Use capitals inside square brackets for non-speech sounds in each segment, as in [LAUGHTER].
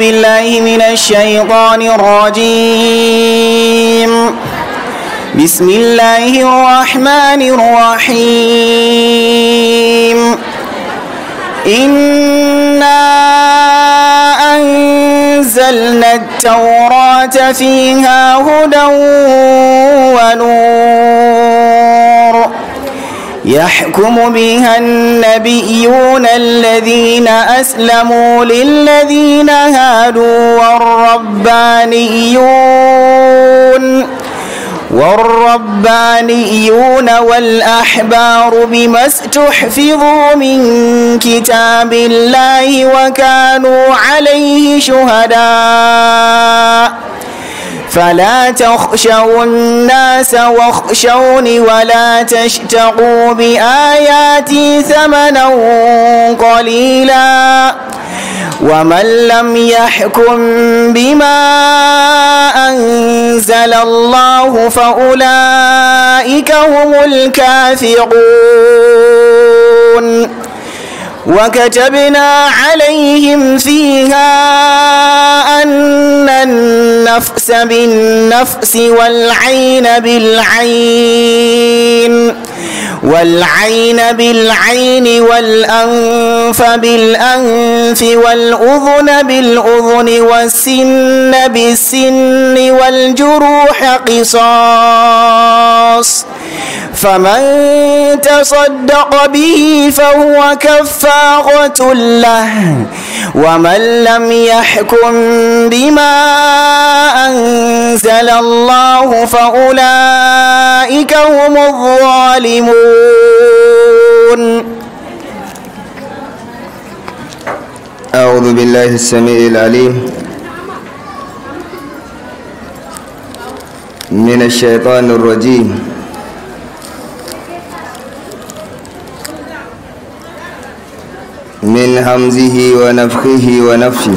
بالله من الشيطان الرجيم بسم الله الرحمن الرحيم إنا أنزلنا التوراة فيها هدى ونور يحكم بها النبيون الذين أسلموا للذين هادوا والربانيون والربانيون والأحبار بما استحفظوا من كتاب الله وكانوا عليه شهداء فلا تخشوا الناس واخشوني ولا تشتقوا بآياتي ثمنا قليلا ومن لم يحكم بما أنزل الله فأولئك هم الكافرون وكتبنا عليهم فيها أن النفس بالنفس والعين بالعين والعين بالعين والأنف بالأنف والأذن بالأذن والسن بالسن والجروح قصاص فمن تصدق به فهو كفارة له ومن لم يحكم بما أنزل الله فأولئك هم الظالمون أعوذ بالله السميع العليم من الشيطان الرجيم من همزه ونفخه ونفشه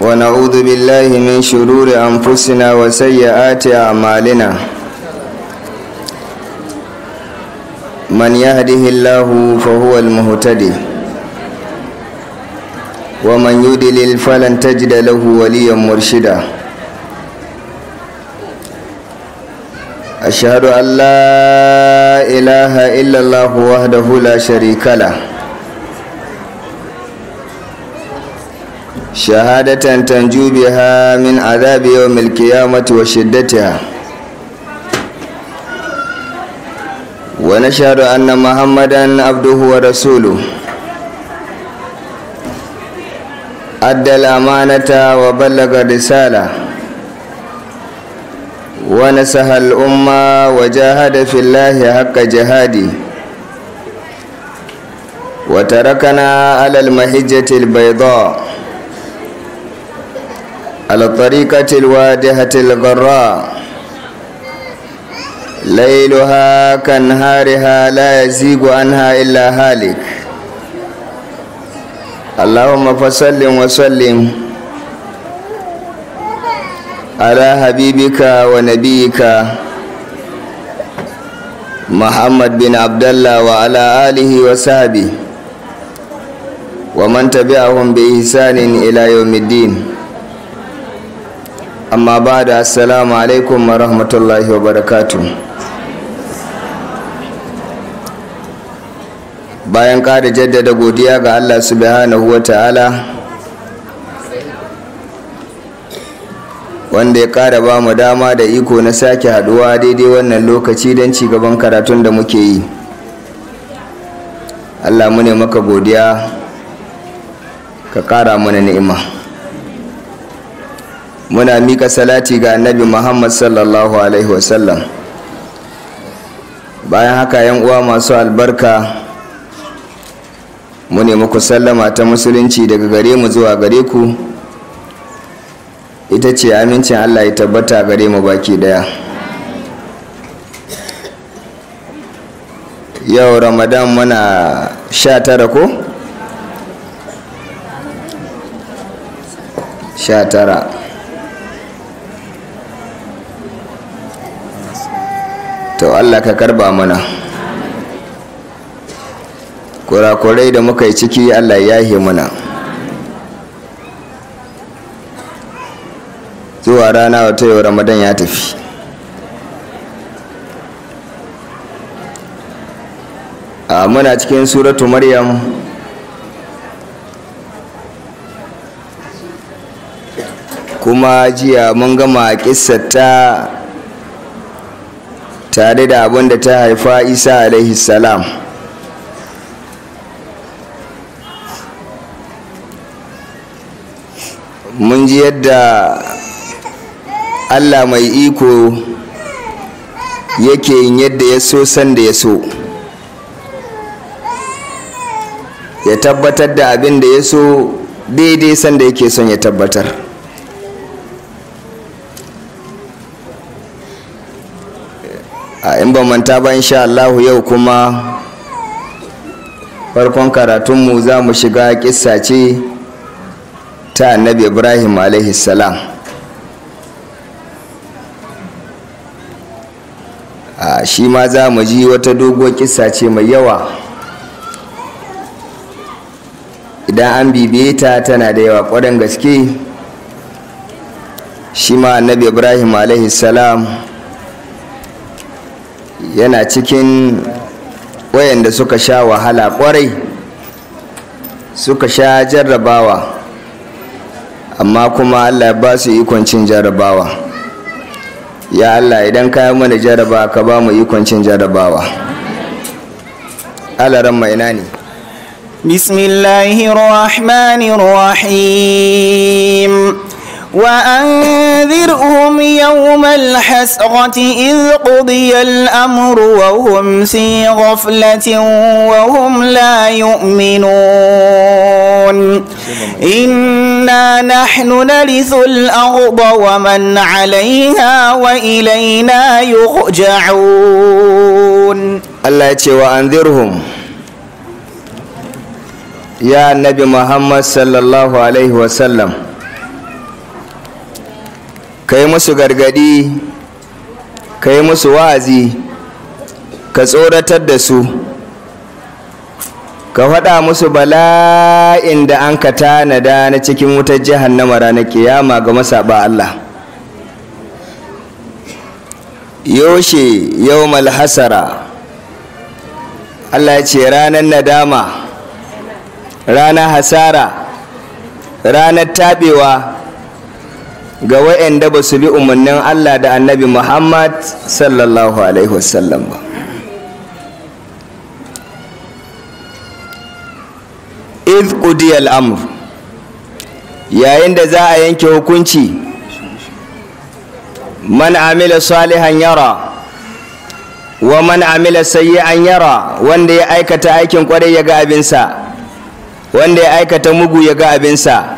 ونعوذ بالله من شرور أنفسنا وسيئات أعمالنا من يهده الله فهو المهتدي ومن يدلل فلن تجد له وليا مرشدا أشهد أن لا إله إلا الله وحده لا شريك له شهادة تنجو بها من عذاب يوم القيامة وشدتها ونشهد أن محمدا عبده ورسوله أدى الأمانة وبلغ الرسالة ونسها الأمة وجاهد في الله حق جهاده وتركنا على المحجة البيضاء على الطريقة الوادحة الغراء ليلها كنهارها لا يزيغ عنها إلا هالك اللهم فسلم وسلم على حبيبك ونبيك محمد بن عبد الله وعلى آله وصحبه ومن تبعهم بإحسان إلى يوم الدين أما بعد السلام عليكم ورحمة الله وبركاته bayan ƙara jaddada godiya ga Allah subhanahu wa ta'ala wanda ya ƙara ba mu dama da iko na sake haduwa daidai wannan lokaci don cigaban gaban karatun da muke yi allah mu ne maka godiya ka ƙara mana ni'ima muna mika salati ga annabi muhammad sallallahu alaihi wasallam bayan haka yan uwa masu albarka mu ne muku sallama ta musulunci daga gare mu zuwa gare ku ita ce amincin allah ya tabbata gare mu baki daya yau ramadan muna sha tara ko? sha tara to allah ka karba mana kurakurai da muka yi ciki allah ya yi mana zuwa rana wata yau ramadan ya tafi a muna cikin suratu maryam kuma jiya mun gama kissata tare da abin da ta haifa isa alaihi salam mun ji yadda allah mai iko yake yin yadda ya so sanda ya so ya tabbatar da abin da ya so daidai sanda yake son ya tabbatar a in ba manta ba insha Allahu yau kuma farkon karatunmu za mu shiga kissa ce ta annabi ibrahim alaihi salam shi ma za mu ji wata doguwar kisa ce mai yawa idan an bibiye ta tana da yawa ƙwarin gaske shi ma annabi ibrahim salam yana cikin wayanda suka sha wahala kwarai, suka sha jarrabawa amma kuma allah ba su ikon cin jarrabawa ya Allah idan ka yi mana jaraba ka ba mu ikon cin jarabawa alaran mai nani bismillahirrahmanirrahim وأنذرهم يوم الحسرة إذ قضي الأمر وهم في غفلة وهم لا يؤمنون إنا نحن نرث الأرض ومن عليها وإلينا يرجعون الله وأنذرهم يا النبي محمد صلى الله عليه وسلم ka yi musu gargadi ka yi musu wa'azi ka tsoratar da su ka faɗa musu bala'in da an ka tanada na cikin wutar jihannama ranar kiyama ga masaba Allah yoshe yau malhasara Allah ya ce ranar nadama ranar hasara ranar taɓewa ga wa'anda ba su bi umarnin Allah da annabi Muhammad sallallahu alaihi wasallam ba iz qudiyal amr yayin da za a yanke hukunci man amila salihan yara wa man amila sayyi'an yara wanda ya aikata aikin kwarai ya ga abinsa wanda ya aikata mugu ya ga abinsa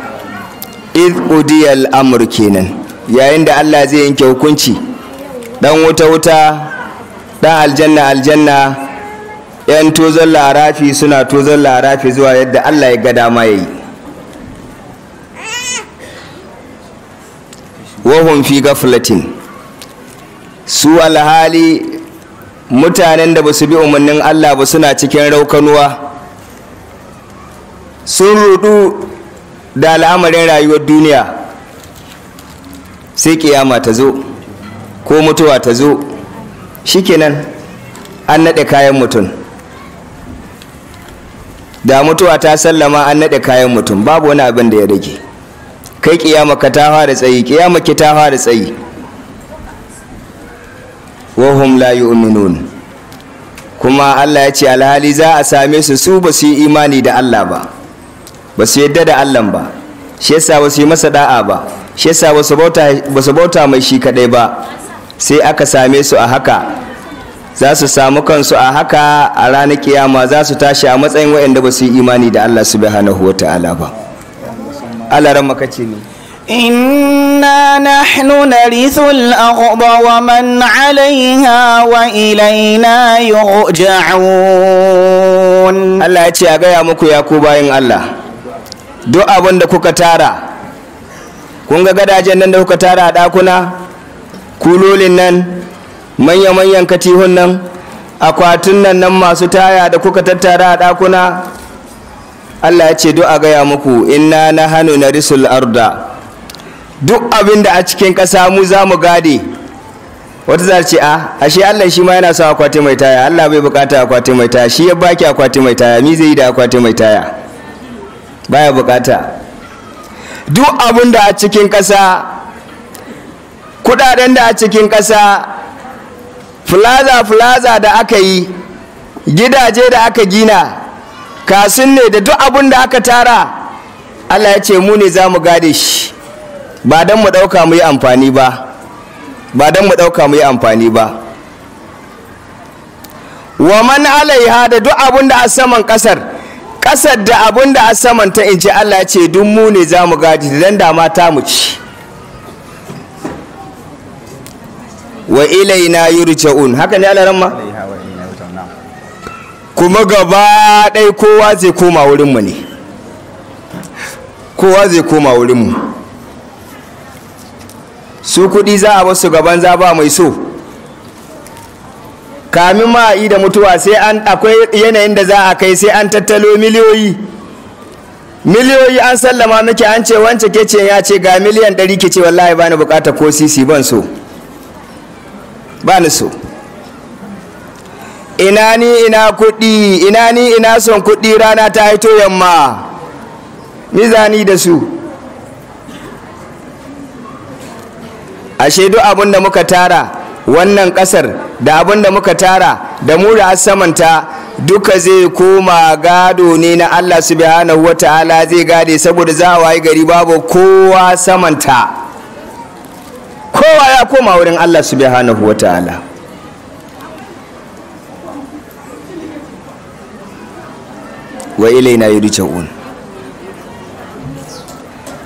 id udiyal amur kenan yayin da Allah zai yanke hukunci dan wuta wuta dan aljanna aljanna yan tozon larafi suna tozon larafi zuwa yadda Allah ya ga dama yayi wahum fi gaflatin su alhali mutanen da basu bi umarnin Allah ba suna cikin raukanuwa sun rudu da al'amarin rayuwar duniya sai kiyama ta zo ko mutuwa ta zo shikenan an naɗe kayan mutum da mutuwa ta sallama an naɗe kayan mutum babu wani abin da ya rage kai kiyama ka ta fara tsayi kiyama ki ta fara tsayi wahum la yu'minun kuma Allah ya ce alhali za a same su su ba su yi imani da Allah ba ba su yadda da Allah ba shi yasa ba su yi masa da'a ba shi yasa ba su bauta mai shi kadai ba sai aka same su a haka za su samu kansu a haka a ranar kiyama za su tashi a matsayin waɗanda ba su yi imani da Allah Su subhanahu wa ta'ala ba Allah ran makaci ne إنا نحن ya a muku ya ku bayin Allah. duk abin da kuka tara kun ga gadajen nan da kuka tara a ɗakuna kulolin nan manya-manyan katihun nan akwatin nan nan masu taya da kuka tattara a ɗakuna allah ya ce du'a gaya muku inna na hannu na risul arda duk abin da a cikin ƙasa mu za mu gade wata za ce a ah, ashe allah shi ma yana sa akwati mai taya allah bai bukata akwati mai taya shi ya baki akwati mai taya mi zai yi da akwati mai taya baya bukata duk abin da a cikin ƙasa kudaden da a cikin ƙasa fulaza-fulaza da aka yi gidaje da aka gina kasin ne da duk abin da aka tara allah ya ce mu ne za mu gade shi ba don mu ɗauka mu yi amfani ba ba don mu dauka mu yi amfani ba wa man alaiha da duk abin da a saman ƙasar ƙasar da abin da a samanta in ji Allah ce duk mu ne za mu gaji dan da mata mu ci wa ilaina yurja'un haka ne Allah ma? kuma gaba ɗai kowa zai koma wurinmu ne kowa zai koma wurinmu su kuɗi za a basu gaban za ba mai so kamin ma'a'i da mutuwa sai an akwai yanayin da za a kai sai an tattalo miliyoyi miliyoyi an sallama miki an ce wance ke ce ya ce ga miliyan ɗari ke ce wallahi bani bukata ko sisi ban so bani so ina ni ina kuɗi ina ni ina son kuɗi rana ta haito yamma mizani da su A shaidu abin da muka tara wannan ƙasar da abin da muka tara da mu da samanta duka zai koma gado ne na Allah subhanahu wa ta'ala zai gade saboda za a wayi gari babu kowa samanta kowa ya koma wurin Allah subhanahu wa ta'ala wa ilaina yurja'un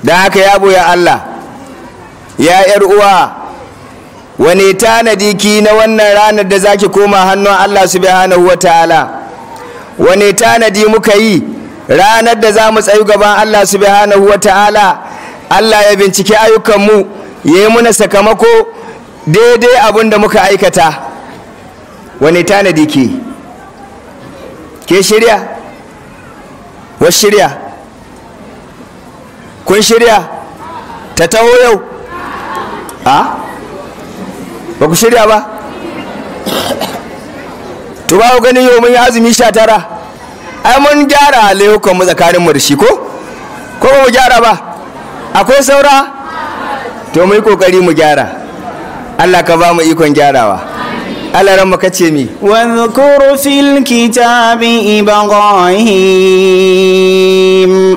Da haka ya boya Allah ya yar uwa wani tanadi ki na wannan ranar da zaki koma hannun Allah subhanahu wa ta'ala wani tanadi muka yi ranar da za mu tsayu gaban Allah subhanahu wa ta'ala Allah ya binciki ayyukanmu ya yi muna sakamako daidai abin da muka aikata wani tanadi ki ke shirya wa shirya kun shirya ta taho yau a ba ku shirya ba to ba ku gani yau mun yi azumi sha tara ai mun gyara layukan mu tsakanin mu da shi ko ko ba mu gyara ba akwai saura to mu yi kokari mu gyara Allah ka ba mu ikon gyarawa alaran maka ce mi wadhkur fil kitabi ibrahim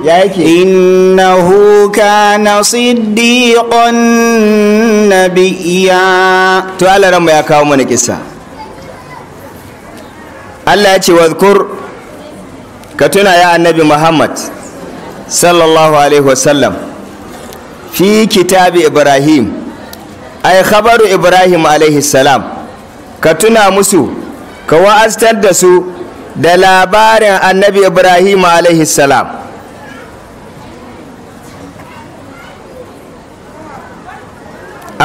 ya yake innahu kana siddiqan nabiyya to alaran ya kawo mana kisa. Allah ya ce wadhkur ka tuna ya annabi Muhammad sallallahu alaihi wasallam fi kitabi ibrahim ay khabaru ibrahim alaihi salam ka tuna musu ka wa'aztar da su da labarin annabi ibrahim salam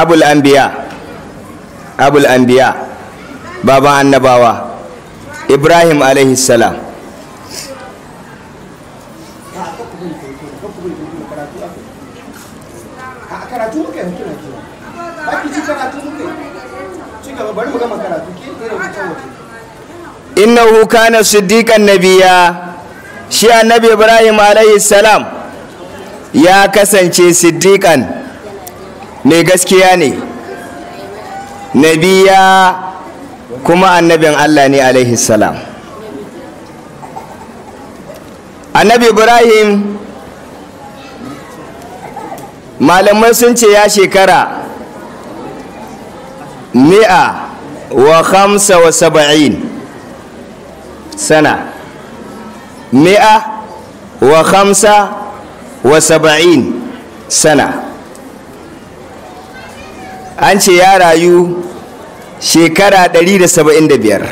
abul anbiya abul anbiya Baba annabawa ibrahim salam karatu muke karatu muke ci gaba bari mu gama innahu kana siddiqan nabiya shi annabi ibrahim alayhi salam ya kasance siddiqan ne gaskiya ne nabiya kuma annabin allah ne alayhi salam annabi ibrahim malamai sun ce ya shekara mi'a wa khamsa wa saba'in sana mi'a wa khamsa wa saba'in sana an ce ya rayu shekara 175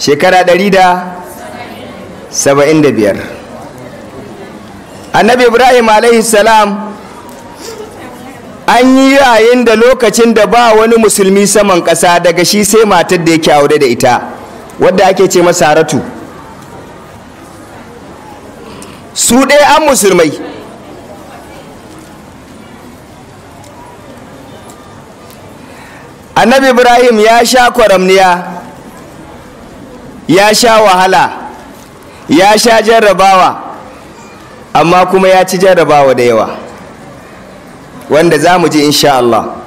shekara 175 annabi ibrahim alaihi salam an yi yayin da lokacin da ba wani musulmi saman ƙasa daga shi sai matar da yake aure da ita wadda ake ce masa saratu su ɗaya an musulmai annabi ibrahim ya sha kwaramniya ya sha wahala ya sha jarrabawa amma kuma ya ci jarrabawa da yawa wanda za mu ji insha Allah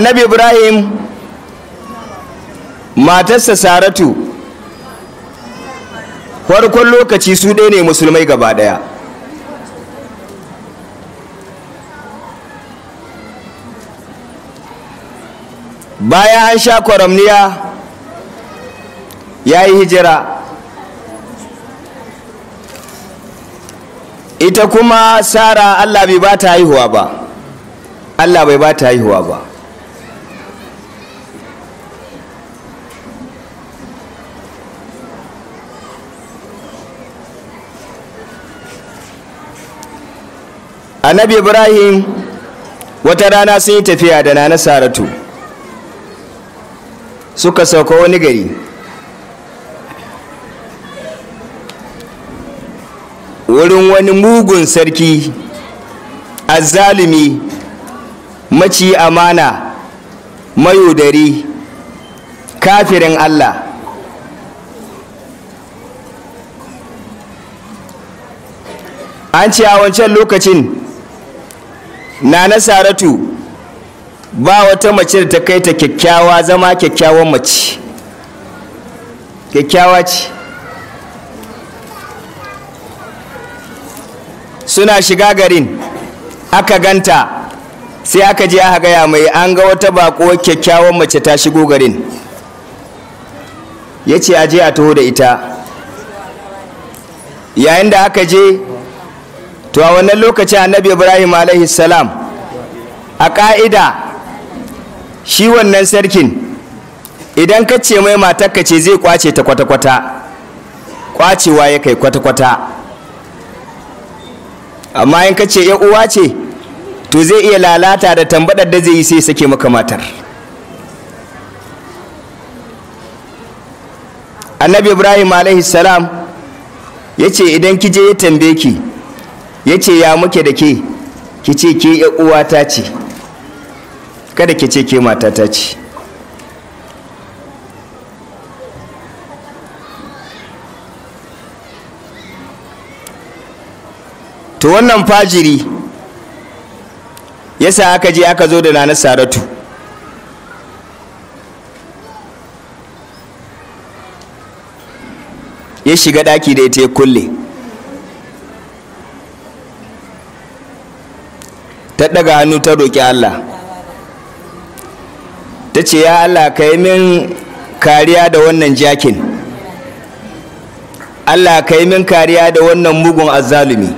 annabi ibrahim matarsa saratu farkon lokaci su ɗaya ne musulmai gaba ɗaya Baya an sha kwaramniya ya yi hijira ita kuma sara allah bai ba ta haihuwa ba allah bai ba ta haihuwa ba annabi ibrahim wata rana sun yi tafiya da nana saratu suka sauka wani gari wurin wani mugun sarki azalimi, maci amana mayudari kafirin allah an ce a wancan lokacin Nana Saratu ba wata mace da ta kai ta kyakkyawa zama kyakkyawan mace kyakkyawa ce suna shiga garin aka ganta sai aka je aka gaya mai an ga wata bako kyakkyawan mace ta shigo garin ya ce je a taho da ita yayin da aka je to a wannan lokacin annabi ibrahim alaihi salam a ƙa'ida shi wannan sarkin idan ka ce mai matarka ce zai kwace ta kwata-kwata kwacewa ya kai kwata-kwata amma in ka ce uwa ce to zai iya lalata da tambadar da zai yi sai sake maka matar annabi ibrahim alaihi salam ya ce idan kije ya tambaye ki ya ce ya muke da ke ki ce ke uwata ce kada ki ce ke matata ce to wannan fajiri ya sa aka je aka zo da nana saratu ya shiga daki da ita ya kulle ta daga hannu ta roƙi Allah ta ce ya Allah ka yi min kariya da wannan jakin Allah ka yi min kariya da wannan mugun azalumi.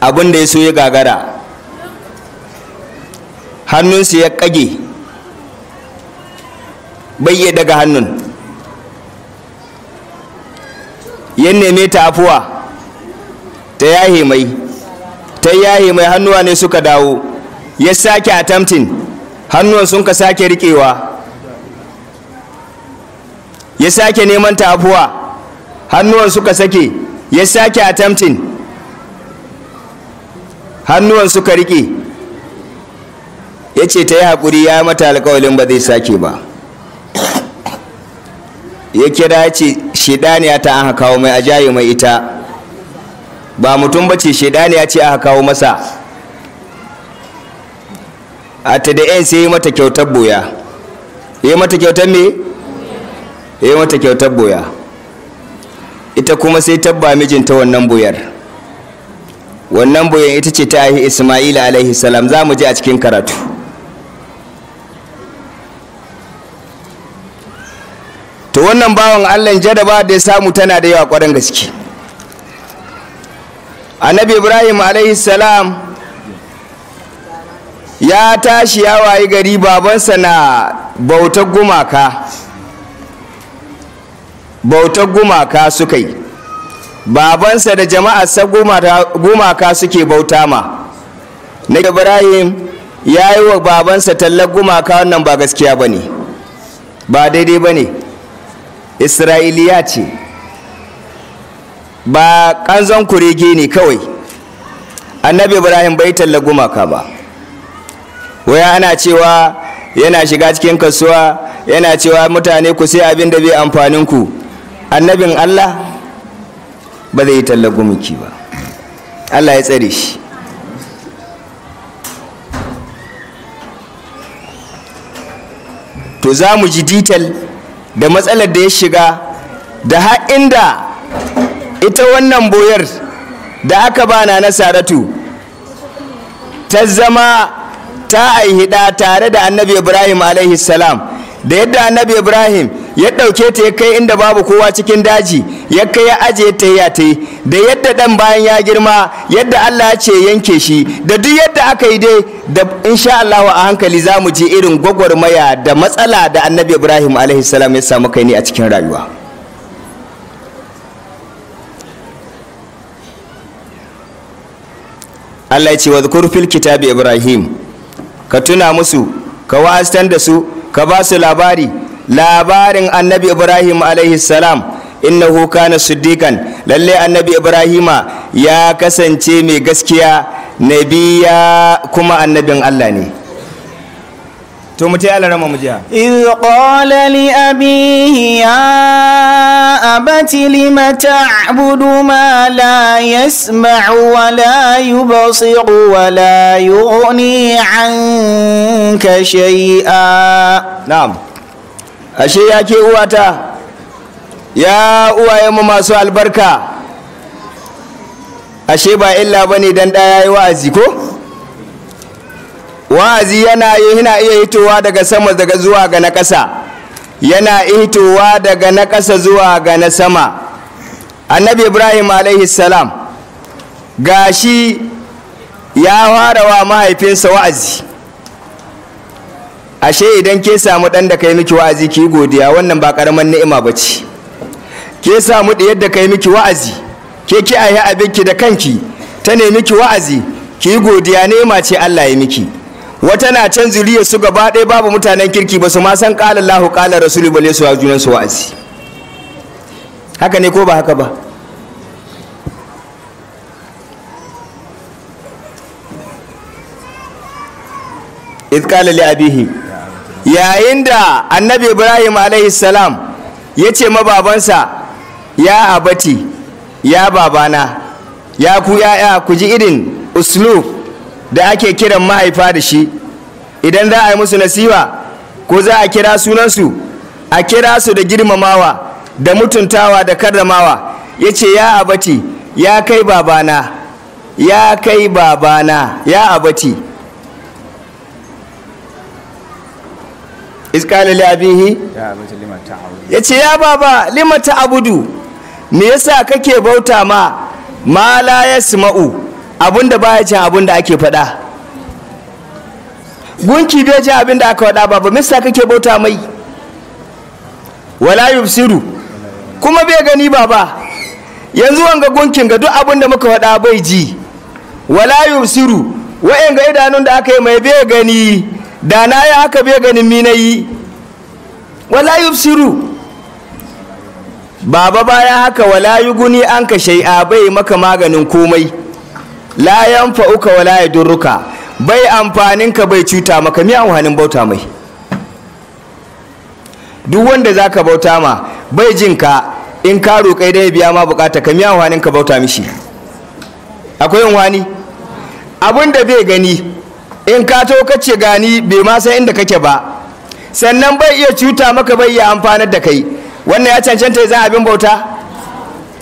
abin da ya so ya gagara hannunsu ya kage bayye daga hannun ya neme ta afuwa ta yahe mai ta yahe mai hannuwa ne suka dawo ya sake attempting hannuwan sun ka sake riƙewa ya sake neman ta afuwa hannuwan suka sake ya sake attempting hannuwan suka riƙe ya ce ta yi haƙuri ya mata alƙawalin ba zai sake ba ya kira ce shidaniya ta an kawo mai ajayi mai ita ba mutum ba bace shaidani ya ce aka kawo masa a ta da yan sai yi mata kyautar boya yi mata kyautar me yi mata kyautar boya ita kuma sai tabba mijinta wannan boyar wannan boyar ita ce ta ahi isma'ila alaihi salam za mu je a cikin karatu to wannan bawan allah jadaba da ya samu tana da yawa kwarin gaske annabi ibrahim salam ya tashi ya wayi gari babansa na bautar gumaka bautar gumaka suka yi babansa da jama'arsa gumaka suke bauta ma na ibrahim ya yi wa babansa tallar gumaka wannan ba gaskiya ba ne ba daidai ba ne isra'iliya ce ba ƙanzon kurege ne kawai annabi ibrahim bai talla gumaka ba waya ana cewa yana shiga cikin kasuwa yana cewa mutane ku sai abin da bai amfanin ku annabin allah ba zai yi talla gumaki ba allah ya tsare shi to za mu ji detail da matsalar da ya shiga da har inda ita wannan boyar da aka ba na saratu ta zama ta aihida tare da annabi ibrahim salam da yadda annabi ibrahim ya ɗauke ta ya kai inda babu kowa cikin daji ya kai ya ajiye ta ya ta da yadda ɗan bayan ya girma yadda allah ya ce yanke shi da duk yadda aka yi dai da insha allah a hankali za mu je irin gwagwarmaya da matsala da annabi ibrahim alaihi salam ya samu kai ne a cikin rayuwa Allah ya ce wa fil kitabi Ibrahim ka tuna musu ka wa'astan da su ka ba su labari labarin annabi Ibrahim alaihi salam innahu kana siddiqan lalle annabi Ibrahima ya kasance mai gaskiya nabiya kuma annabin Allah ne to mu ce alarama mu jiya iz qala li abihi ya abati lima ta'budu ma la yasma'u wa la yubsiru wa la yughni 'anka shay'a na'am ashe ya ke uwata ya mu masu albarka ashe ba illa bane dan ɗaya ya wa'azi ko wa'azi yana yana iya hitowa daga sama daga zuwa ga na ƙasa yana hitowa daga na ƙasa zuwa ga na sama annabi ibrahim alaihi salam gashi ya fara wa mahaifinsa wa'azi ashe idan ke samu ɗan da kai miki wa'azi ki godiya wannan ba ƙaramin ni'ima ba ce ke samu ɗiyar da kai miki wa'azi ke ki ayi abinki da kanki ta ne miki wa'azi ki godiya ni'ima ce allah ya miki wata na can zuriyar su gaba ɗaya babu mutanen kirki ba su ma san ƙala lahu ƙala Rasulu bale su junan su wa'azi haka ne ko ba haka ba idh qala li abihi yayin da annabi Ibrahim alaihi salam ya ce mababansa ya abati ya babana ya ku ya'ya ku ji irin uslub da ake kiran mahaifa da shi idan za a yi musu nasiha ko za a kira sunansu a kira su da girmamawa da mutuntawa da karramawa ya ce ya abati ya kai babana ya kai babana ya abati iskali labihi ya ce ya baba limata abudu me yasa kake bauta ma ma la yasma'u abun da baya cin abun da ake faɗa gunki bai cin abin da aka faɗa ba ba mista kake bauta mai wala yubsiru kuma bai gani ba ba yanzu wanga gunkin ga duk abin da muka faɗa bai ji wala yubsiru wa'in ga idanun da aka yi mai bai gani da na yi haka bai ganin mi na yi wala yubsiru baba baya haka wala yuguni an ka shai'a bai maka maganin komai la uka wala ya durruka bai amfanin ka bai cuta maka mi amfanin bauta mai duk wanda zaka bauta ma bai jin ka in ka roƙai dai biya ma bukata ka mi amfanin ka bauta mishi akwai amfani abin da bai gani in ka to ce gani bai ma san inda kake ba sannan bai iya cuta maka bai iya amfanar da kai wannan ya cancanta ya zan abin bauta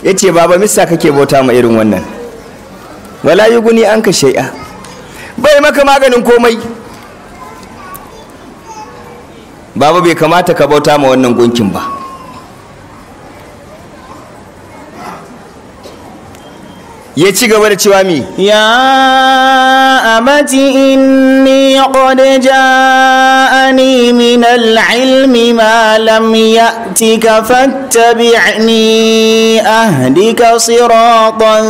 ya ce baba Mista kake bauta ma irin wannan wala yi guni an ka shai'a bai maka maganin komai babu bai kamata ka bauta ma wannan gunkin ba ya ci gaba da cewa mi ya abati inni qad ja'ani min al-ilmi ma lam ya'tika fattabi'ni ahdika siratan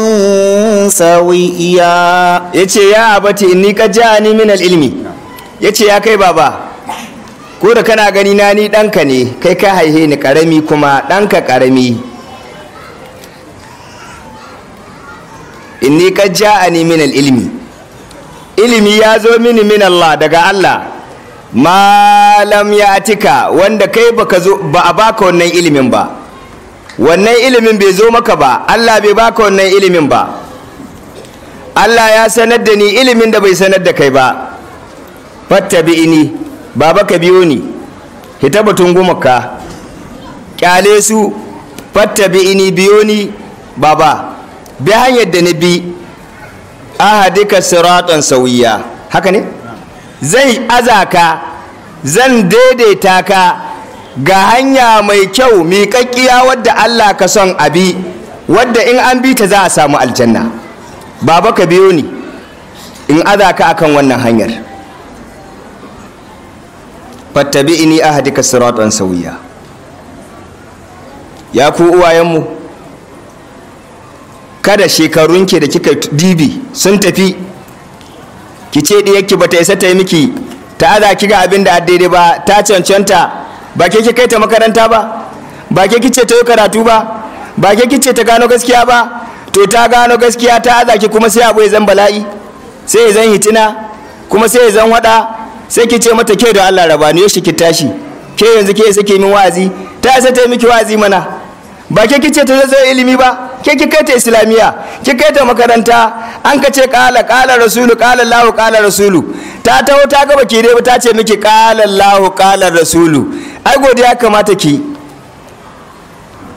sawiya yace ya abati inni qad ja'ani min al-ilmi yace ya kai baba ko da kana gani na ni danka ne kai ka haihe ni ƙarami kuma ɗanka karami inni ka ja'ani min ni ilmi ilimi ya zo mini min Allah daga Allah malam ya atika wanda kai ba a baka wannan ilimin ba wannan ilimin bai zo maka ba Allah bai baka wannan ilimin ba Allah ya sanar da ni ilimin da bai sanar da kai ba ini baba ka biyo ni hita batun gumaka kyale su ini biyo ni baba bi hanyar da na bi ahadika siratan sauyiya haka ne zai azaka zan daidaita ka ga hanya mai kyau miƙaƙƙiya wadda Allah ka son abi wadda in an bi ta za a samu aljanna baba ka biyo ni in azaka akan wannan hanyar fattabi'ini ahadika siratan sauyiya ya ku uwayenmu kada shekarunki da kika dibi sun tafi ki ce ki ba ta isa ta yi miki ta aza ki ga abin da daidai ba ta cancanta ba ke ki kai ta makaranta ba ba ke ki ce ta yi karatu ba ba ke ki ce ta gano gaskiya ba to ta gano gaskiya ta aza ki kuma sai abu ya zan bala'i sai ya zan hitina kuma sai ya zan wada sai ki ce mata ke da Allah rabani ya shi ki tashi ke yanzu ke sake min wa'azi ta isa ta yi miki wa'azi mana ba ke kice ta zai ilimi ba ke ki kai ta islamiyya? ki kai ta makaranta an ka ce kala kala rasulu kala lahu kala rasulu ta taho ta gaba ke dai ta ce miki kala lahu kala rasulu ai godiya kamata ki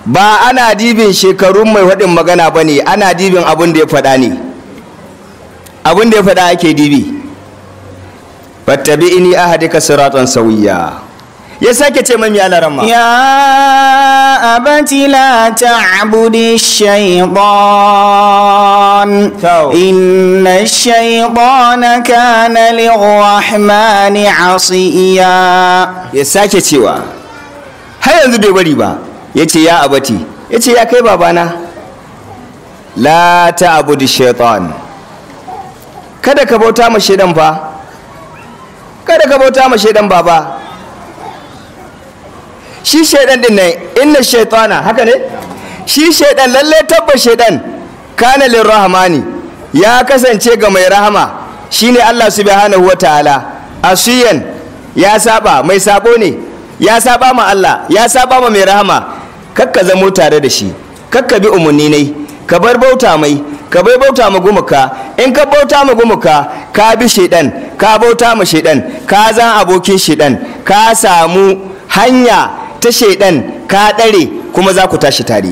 ba ana dibin shekarun mai faɗin magana ba ne ana dibin abin da ya faɗa ne abin da ya faɗa ake dibi fattabi ini ahadika siratan sauya ya sake ce mai yalar ramma ya abati la ta'budi shaytan inna shaytana kana lirrahmani asiya ya sake cewa har yanzu bai bari ba yace ya abati yace ya kai babana la ta'budi shaytan kada ka bauta ma shaidan fa kada ka bauta ma shaidan baba shi shaidan din nan inna shaitana haka ne shi shaidan lalle tabba shaidan kana lirrahmani ya kasance ga mai rahama shine Allah subhanahu ta'ala asiyan ya saba mai sabo ne ya saba ma Allah ya saba ma mai rahama kakka zamo tare da shi kakka bi umarni ne ka bar bauta mai ka bai bauta ma gumuka in ka bauta ma gumuka ka bi shaidan ka bauta ma shaidan ka zan abokin shaidan ka samu hanya ta shaidan ka ɗare kuma za ku tashi tare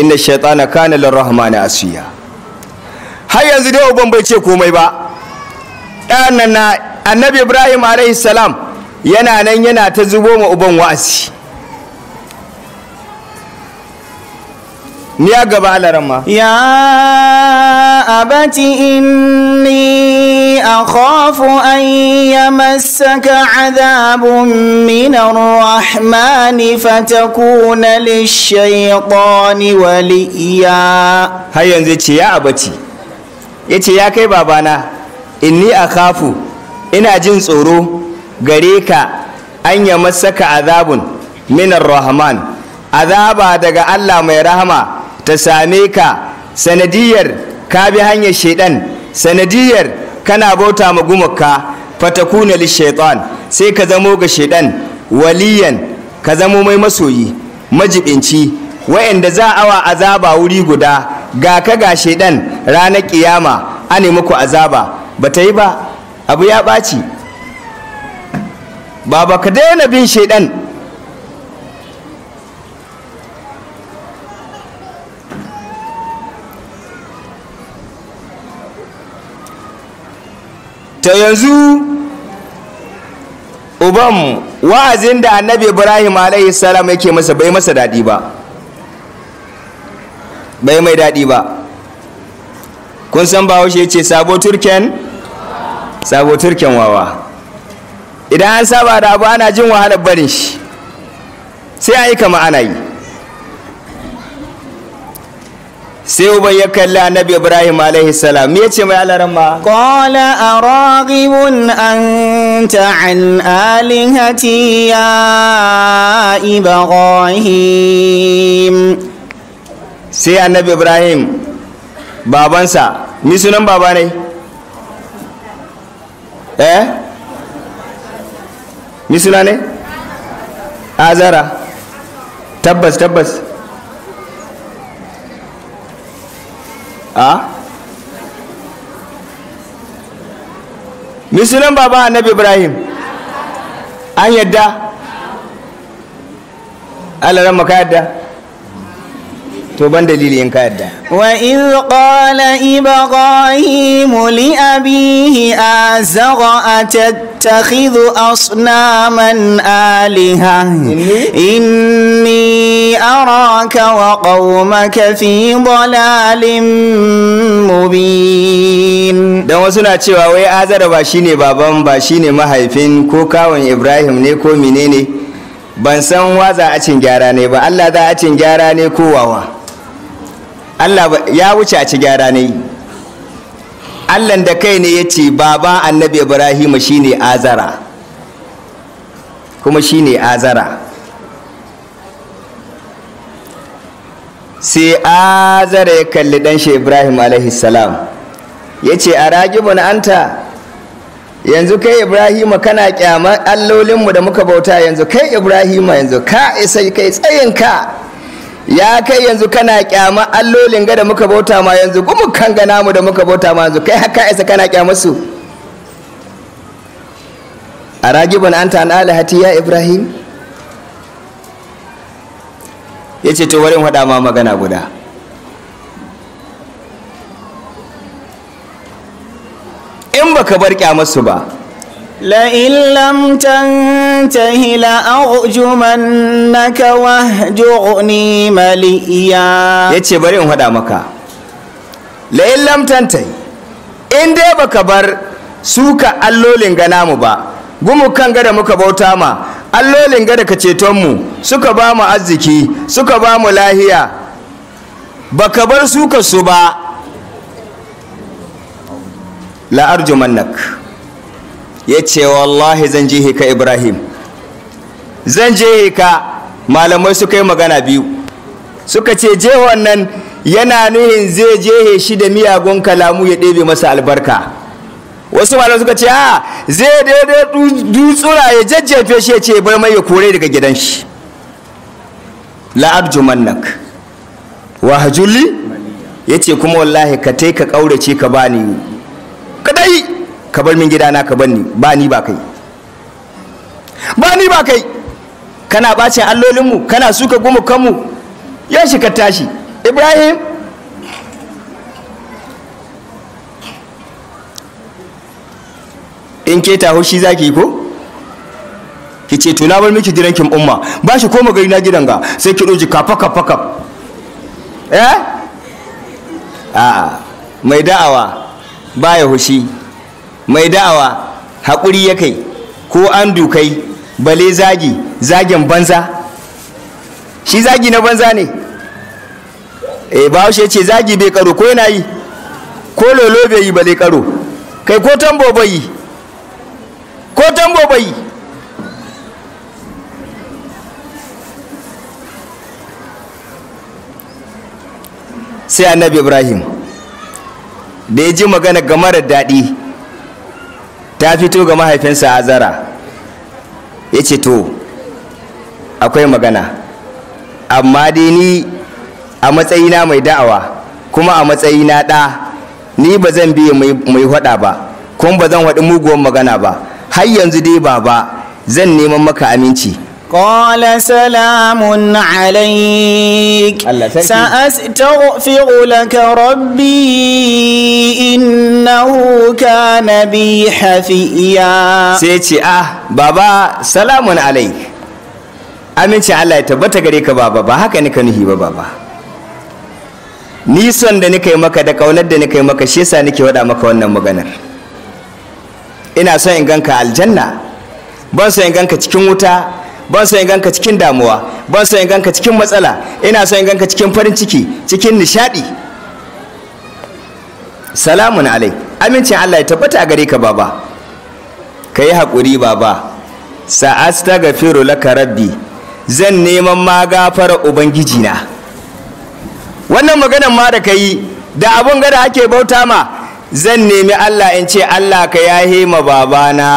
inna shaitana kana lirrahmana asiya har yanzu dai uban bai ce komai ba ɗan na annabi ibrahim alaihi salam yana nan yana ta zubo ma uban wa'azi ya gaba alarama ya abati inni a an yamassaka masaka azabun ar-rahmani fatakuna lish wali waliya har yanzu ce ya abati ce ya kai babana inni kafu, ina jin tsoro gare ka an ya masaka azabun minar rahman azaba daga Allah mai rahama ta same ka sanadiyar ka bi hanyar shaidan sanadiyar kana bauta ma gumaka fatakuna li shaitan sai ka zamo ga shaidan waliyan ka zamo mai masoyi majibinci wa'anda za a wa azaba wuri guda ga ka ga shaidan ranar kiyama a nemi ku azaba ba ta yi ba abu ya ɓaci ba ba ka daina bin shaidan ta yanzu uban wa'azin da annabi ibrahim alayhi salam yake masa bai masa daɗi ba bai mai daɗi ba kun san ba washe ce sabo turken sabo turken wawa idan an saba da abu ana jin wahalar barin shi sai an yi kama ana yi sai uban ya kalli annabi ibrahim alaihi salam me yace mai alaran ma qala araghibun anta an alihati ya ibrahim sai annabi ibrahim babansa ni sunan baba ne eh ni suna ne azara tabbas tabbas a misilin baba annabi ibrahim an yadda allah ran maka yadda to ban dalili in ka yadda wa in qala ibrahim li abihi azra atattakhidhu asnaman aliha inni araka wa qaumaka fi dalalin mubin dan wasu na cewa wai azara ba shine baban ba shine mahaifin ko kawon ibrahim ne ko menene ban san waza a cin gyara ne ba allah za a cin gyara ne ko Allah ya wuce a ci gyara ne Allah da kai ne ya ce baba annabi Ibrahim shine azara kuma shine azara sai azara ya kalli ɗan shi Ibrahim A.S." ya ce a ragibun anta yanzu kai Ibrahim kana kyamar allolinmu da muka bauta yanzu kai Ibrahim yanzu ka isa kai tsayin ka ya kai yanzu kana kyama allolin ga da muka bauta ma yanzu gumu kan gana mu da muka bauta ma yanzu kai haka isa kana kyama su a ragibin anta an alihati ya ibrahim ya ce tuwarin warin ma magana guda in baka bar kyamar su ba لئن لم تنته لأرجمنك واهجرني مليا yace bari in faɗa maka la'in lam in dai baka bar suka allolin ga namu ba gumu kan gada muka bauta ma allolin gada ka ceton mu suka ba arziki suka bamu mu lahiya baka bar suka su ba la arjumannak ya ce wallahi zan je ka ibrahim zan je ka malamai suka yi magana biyu suka ce je wannan yana nuhin zai je shi da miyagun kalamu ya ɗebe masa albarka wasu malamai suka ce a zai daidai dutsura ya jajjefe shi ya ce bar mai ya kore daga gidan shi wa wahajulli ya ce kuma wallahi ka ka ƙaurace ka bani kadai ka bar min gidana ka bar ni ba ni ba kai ba ni ba kai kana bacin allolinmu kana suka kanmu? ya shi ka tashi ibrahim in ke taho shi zaki ko ki ce to na bar miki dirankin umma ba shi koma gari na gidan ga sai ki doji kafa kafa kaf eh a mai da'awa baya hushi mai da'awa haƙuri ya kai ko an dukai bale zagi zagen banza shi zagi na banza ne e bahaushe ce zagi bai karo ko yana yi ko lolo bai yi bale karo kai ko tambo bai yi ko tambo bai yi sai annabi ibrahim da ya ji magana ga marar daɗi ta fito ga mahaifinsa azara ya ce to akwai magana amma dai ni a matsayina mai da'awa kuma a matsayina ɗa ni ba zan biye mai haɗa ba kuma ba zan haɗi muguwan magana ba har yanzu dai ba ba zan neman maka aminci قال سلام ka سأستغفر لك ربي إنه كان بي حفيا سيتي آه بابا سلام عليك aminci Allah ya tabbata gare ka baba ba haka nika nuhi ba baba nisan da nika yi da kaunar da nika yi maka shi yasa nake wada maka wannan maganar ina son in ganka aljanna ban so in ganka cikin wuta ban so in ganka cikin damuwa ban so in ganka cikin matsala ina so in ganka cikin farin ciki cikin nishadi salamun alai amincin Allah ya tabbata a gare ka baba ka yi haƙuri baba sa'asta gafiru laka rabbi zan neman ma gafara ubangijina wannan maganan ma da ka yi da abun gada ake bauta ma zan nemi Allah in ce Allah ka yahe ma babana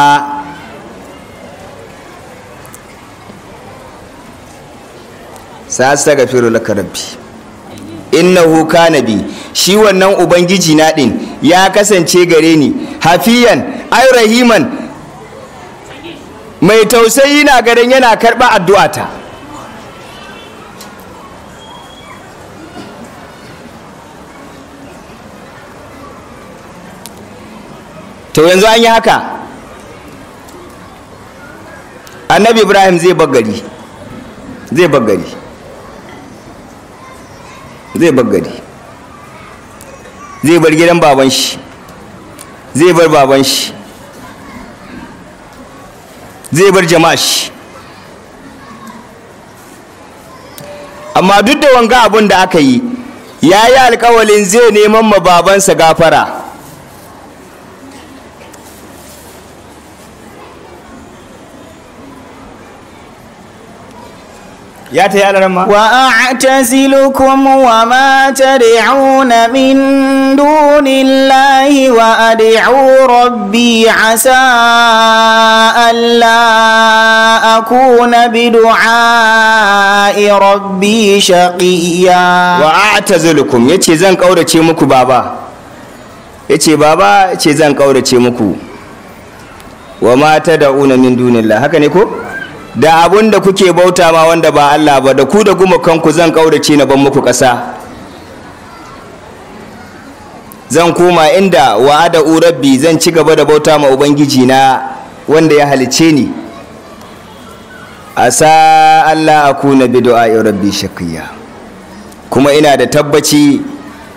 sa laka rabbi innahu kana bi shi wannan ubangiji na din ya kasance gare ni hafiyan ay rahiman mai tausayi na garin yana karba addu'ata to yanzu an yi haka annabi ibrahim zai bagari zai bagari zai bar gari zai bar gidan baban shi zai bar baban shi zai bar jama'a shi amma duk da wanga abun da aka yi ya yi alkawalin zai neman ma babansa gafara ya ta yi ma wa a'tazilukum wa ma tad'una min dunillahi wa ad'u rabbi asa alla akuna bi du'a'i rabbi shaƙiya wa ya yace zan kaurace muku baba yace baba ce zan kaurace muku wa ma na min dunillahi haka ne ko da abun da kuke bauta ma wanda ba Allah ba da ku da kanku zan kaurace na ban muku ƙasa zan koma inda wa'ada urabbi zan ci gaba da bauta ma ubangiji na wanda ya halice ni asa Allah a kuna bi du'a'i rabbi shakiyya. kuma ina da tabbaci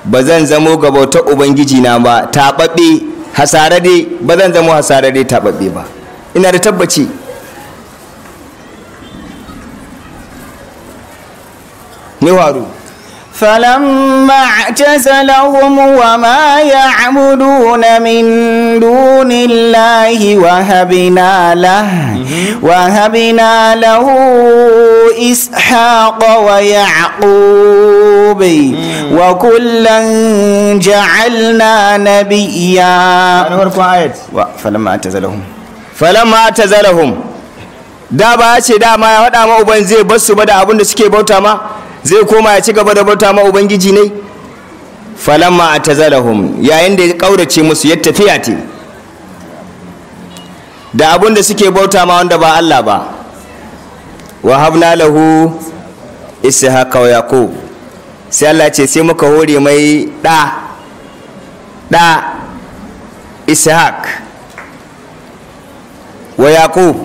ba zan zamo ga bautar ubangiji na ba taɓaɓɓe hasarade ba zan zamo hasarade taɓaɓe ba ina da tabbaci níwáru. falamma jẹsẹlẹ ohunmu wa máa yà àmúdúnà mi dúnni láàyè wàhábínàlá wàhábínàlá wa mhm. yà mhm. wa kullan jacalna nabiya. falamma jẹsẹlẹ ohunmu. falamma jẹsẹlẹ ohunmu. da ba ya ce dama ya waɗa ma uban zai bar ba da abun da suke bauta ma zai koma ya ci gaba da bauta ma ubangiji ne falamma atazalahum yayin da ya kaurace musu ya tafiya te da abun da suke bauta ma wanda ba Allah ba wa habna lahu ishaqa wa yaqub sai Allah ce sai muka hore mai da da ishaq wa yaqub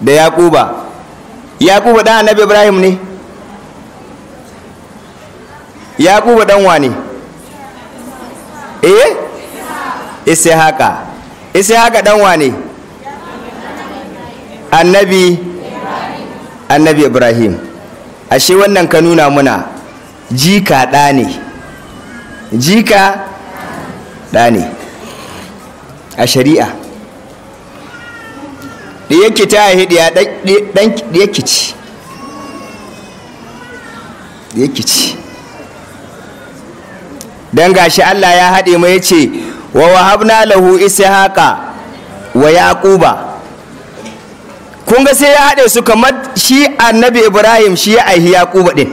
da yaquba yaquba da annabi ibrahim ne yaqubu dan wane eh ishaqa ishaqa dan wane annabi annabi ibrahim ashe wannan ka nuna muna jika ɗa ne jika ɗa ne a shari'a da yake ta hidiya da yake ci da yake ci dan gashi Allah ya haɗe ya ce wa wahabna lahu ishaqa wa yaquba kun ga sai ya haɗe su kamar shi annabi Ibrahim shi ya aihi yaquba din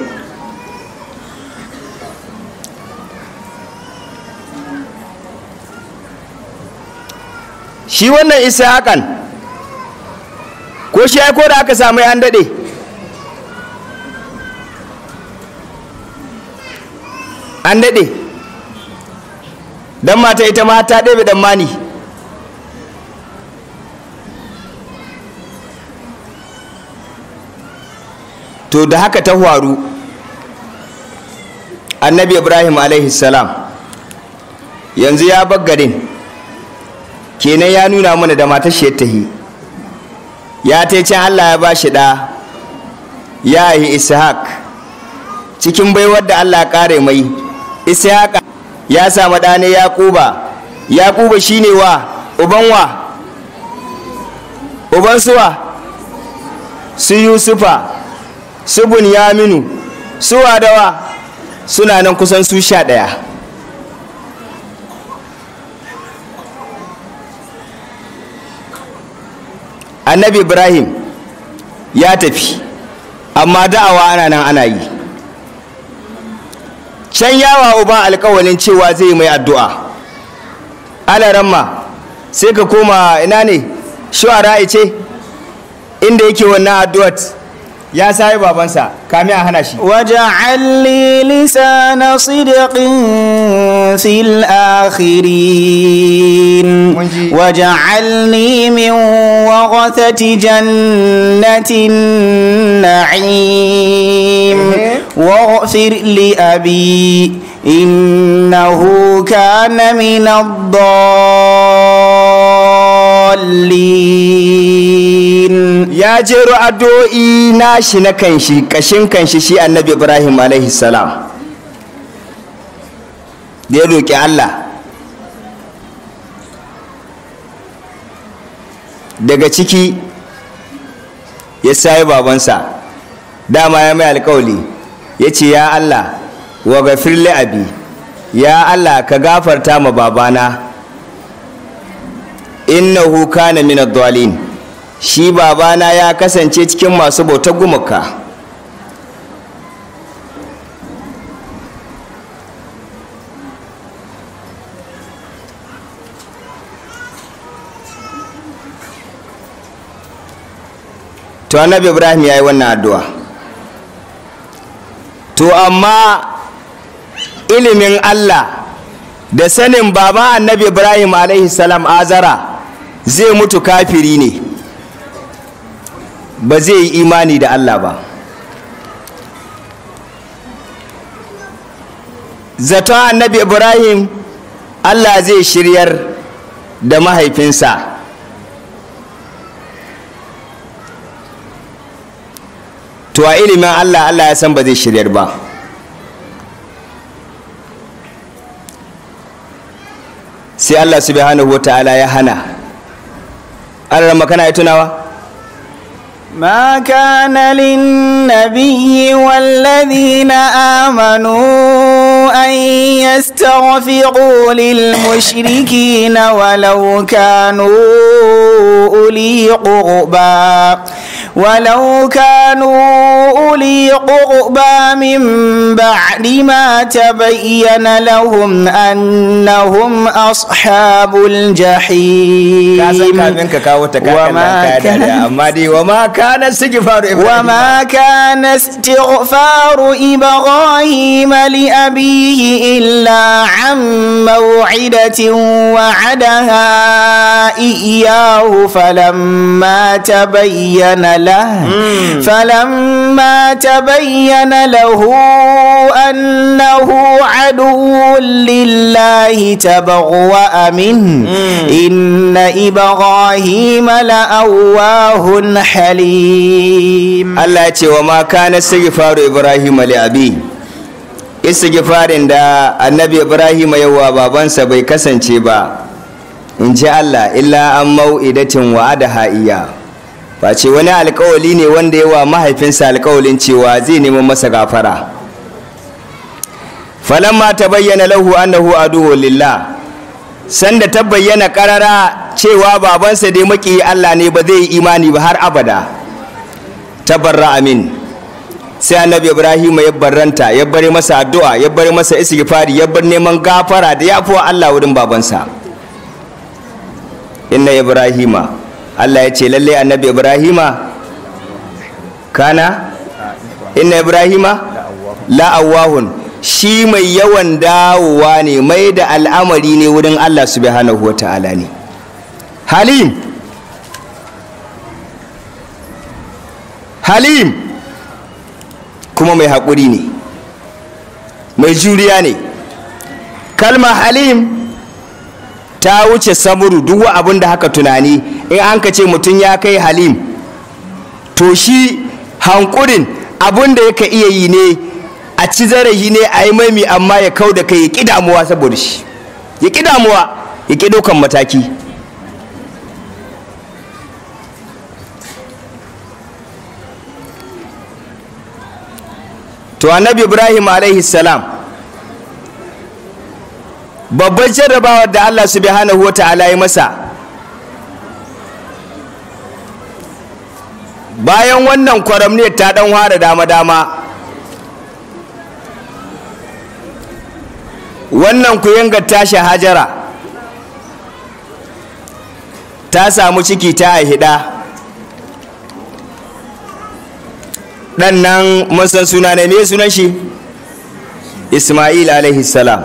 shi wannan ishakan ko shi ko da aka samu an daɗe an daɗe dan mata ita ma ta ɗebe dan mani to da haka ta faru annabi ibrahim salam yanzu ya baggarin kenan ya nuna mana da matar shi ta yi ya ta can allah ya ba shi ɗa ya yi ishaq cikin baiwar da allah ya ƙare mai ishaq ya samu ɗane yaƙuba yaƙuba ne wa uban wa uban suwa su yusufa su bunyaminu su wa suna nan kusan su sha ɗaya annabi ibrahim ya tafi amma da'awa ana nan ana yi can yawa uban alkawalin cewa zai mai addu'a ana ramma sai ka koma ina ne shu'ara ce inda yake wannan addu'at يا ساي بابا انسى كامي هنشي وجعل لي لسان صدق في الاخرين وجعلني من وغثة جنة النعيم إيه. واغفر لأبي إنه كان من الضال ya jero addu'o'i na shi na kanshi kashin kanshi shi annabi ibrahim alaihi salam da ya roƙi allah daga ciki ya sayi babansa dama ya mai alkawali ya ce ya allah wa gafirle abi ya allah ka gafarta ma babana innahu kana min ad-dhalin shi babana ya kasance cikin masu bautar gumuka to annabi ibrahim ya wannan addu'a to amma ilimin allah da sanin Baba annabi ibrahim alaihi salam azara zai mutu kafiri ne ba zai yi imani da Allah ba zaton annabi ibrahim Allah zai shiryar da mahaifinsa to a ilimin Allah Allah ya san ba zai shiryar ba sai Allah subhanahu wa ta'ala ya hana alarar makana ya tunawa ma kana lin nabiyyi wallazina amanu أن يستغفروا للمشركين ولو كانوا أولي قربى ولو كانوا أولي قربى من بعد ما تبين لهم أنهم أصحاب الجحيم وما كان وما كان استغفار إبراهيم وما كان استغفار إبراهيم لأبيه فيه إلا عن موعدة وعدها إياه فلما تبين له فلما تبين له أنه عدو لله تبوأ منه إن إبراهيم لأواه حليم الله وما كان استغفار إبراهيم لأبيه istighfarin da annabi ibrahim yawa babansa bai kasance ba in ji allah illa an mau'idatin wa'ada ha'iya face wani alkawali ne wanda yawa mahaifinsa alkawalin cewa zai nemi masa gafara falamma ta bayyana lahu annahu aduhu lillah sanda ta bayyana karara cewa babansa dai maki allah ne ba zai yi imani ba har abada tabarra amin sai annabi ibrahim ya barranta ya bari masa addu'a ya bari masa istighfari ya bar neman gafara da ya fi wa Allah wurin babansa inna ibrahima Allah ya ce lalle annabi ibrahima kana inna ibrahima la'awahun shi mai yawan dawowa ne mai da al'amari ne wurin Allah subhanahu wa ta'ala ne halim halim kuma mai haƙuri ne mai juriya ne kalma halim ta wuce samuru duk wa abin da haka tunani in an ka ce mutum ya kai halim to shi hankurin abin da yaka iya yi ne a ci zarafi ne a yi maimi amma ya kau da kai ya ƙi damuwa saboda shi ya ƙi damuwa ya ƙi ɗaukan mataki to annabi ibrahim alaihi salam babban jarrabawar da allah subhanahu wa ta'ala ya masa bayan wannan kwaramniyar ta dan ware dama-dama wannan ku kuyangar tashi hajara ta samu ciki ta haihi ɗan nan mun san suna ne me sunan shi isma'il alaihi salam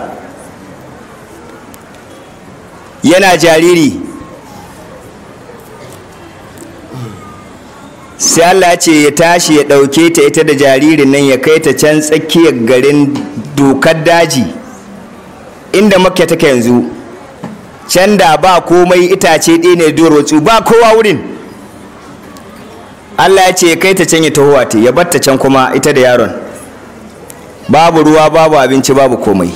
yana jariri sai Allah ce ya tashi ya ɗauke ta ita da jaririn nan ya kai ta can tsakiyar garin dokar daji inda makka take yanzu can da ba komai itace ɗaya ne doro ba kowa wurin Allah ya ce kai ta can ya taho ta ya batta can kuma ita da yaron babu ruwa babu abinci babu komai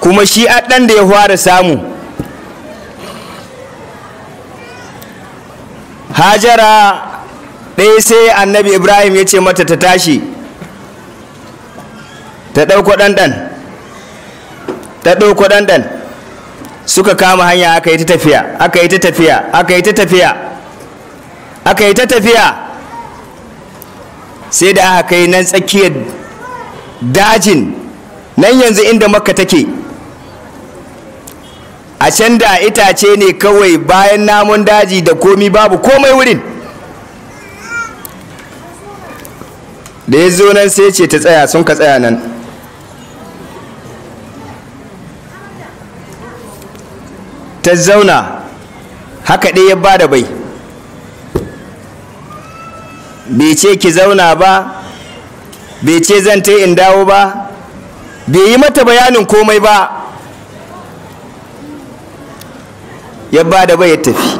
kuma shi ɗan da ya fara samu hajara ɗaya sai annabi ibrahim ya ce mata ta tashi ta ɗauko ɗanɗan ta ɗauko ɗanɗan suka kama hanya aka yi ta tafiya aka yi ta tafiya aka yi ta tafiya aka yi ta tafiya sai da aka kai nan tsakiyar dajin nan yanzu inda makka take a can da itace ne kawai bayan namun daji da komi babu komai wurin da ya zo nan sai ce ta tsaya sun ka tsaya nan ta zauna haka ɗaya ya ba da bai bai ce ki zauna ba bai ce zan ta in dawo ba bai yi mata bayanin komai ba ya ba da bai ya tafi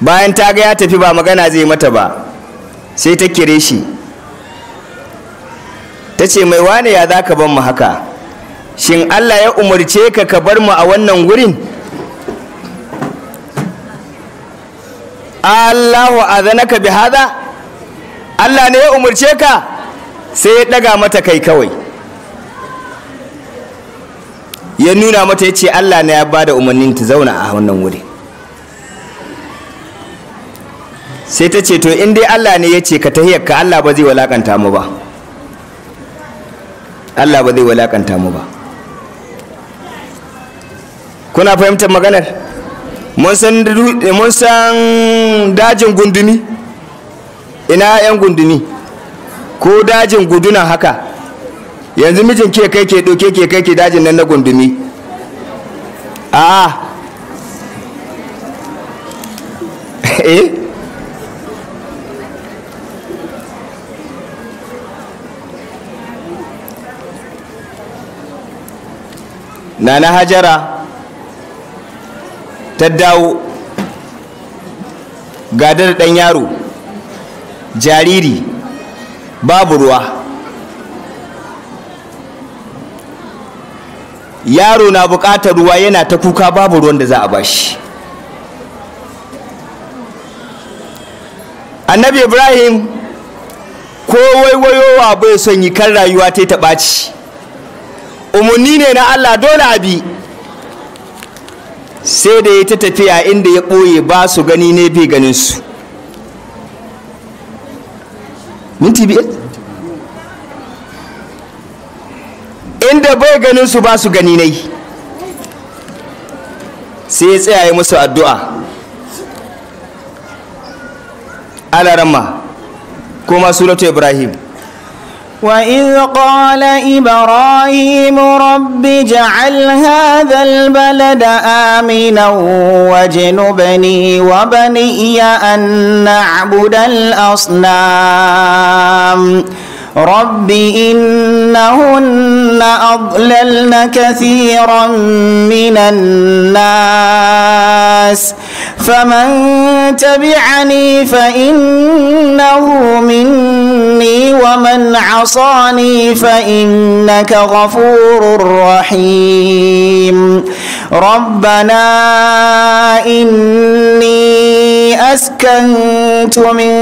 bayan ta ga ya tafi ba magana zai mata ba sai ta kire shi ta ce mai wane ya za ka ban mu haka shin Allah ya umarce ka ka bar mu a wannan wurin Allahu azanaka bi hada Allah ne ya umarce ka sai ya daga mata kai kawai ya nuna mata ya ce Allah ne ya bada umarnin ta zauna a wannan wurin sai ta ce to in dai Allah ne ya ce ka ta ka Allah ba zai walakanta mu ba Allah ba zai walakanta mu ba kuna fahimtar maganar mun san dajin gundumi ina 'yan gundumi ko dajin guduna haka yanzu mijin ke kai ke ɗauke ke kai ke dajin nan na gundumi a [LAUGHS] e eh? na na hajara ta dawo gadar da ɗan yaro jariri babu ruwa yaro na buƙatar ruwa yana ta kuka babu ruwan da za a bashi annabi ibrahim ko waiwayowa bai son yi kan rayuwa ta ta ɓaci umarni ne na allah dole a bi. sai da ya ta tafiya inda ya ɓoye ba su gani ne bi ganin su minti biyar inda bai ganin su ba su gani ne sai ya tsaya musu addu'a alarama kuma suratu ibrahim وإذ قال إبراهيم رب جعل هذا البلد آمنا واجنبني وبني أن نعبد الأصنام رب إنهن أضللن كثيرا من الناس الناس فمن تبعني فإنه مني ومن عصاني فإنك غفور رحيم ربنا إني أسكنت من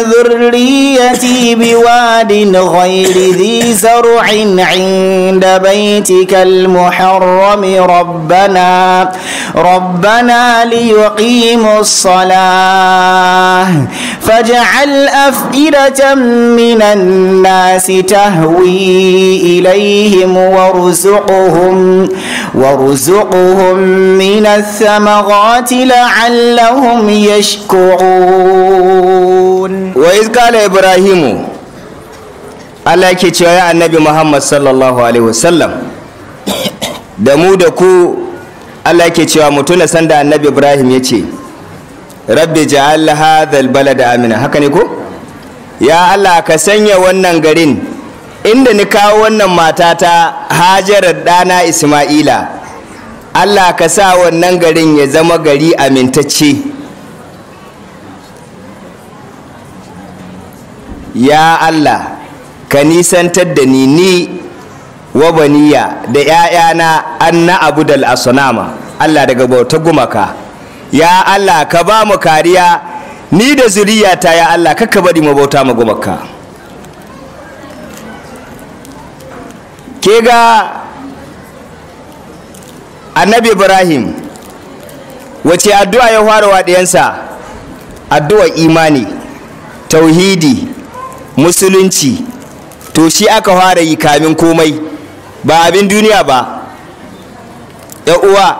ذريتي بواد غير ذي زرع عند بيتك المحرم ربنا ربنا ليقيموا الصلاة فاجعل أفئدة من الناس تهوي إليهم وارزقهم وارزقهم رزقهم من الثمرات لعلهم يشكرون وإذ قال إبراهيم Allah yake cewa ya annabi Muhammad sallallahu alaihi wasallam da mu da ku Allah yake cewa mu tuna sanda annabi Ibrahim ya ce rabbi ja'al hadhal balada amina haka ne ko ya Allah ka sanya wannan garin inda ni kawo wannan matata Hajarar ɗana Isma'ila Allah ka sa wannan garin ya zama gari amintacce ya Allah ka nisantar da ni ni wa baniya da ‘ya'yana an na abu da al'asunama Allah daga bauta gumaka ya Allah ka ba mu kariya ni da zuriyata ya Allah kakka bari mu bauta mu gumaka ke ga annabi ibrahim wace addu'a ya fara wa ɗiyansa addu'ar imani tauhidi musulunci to shi aka fara yi kamin komai ba abin duniya ba uwa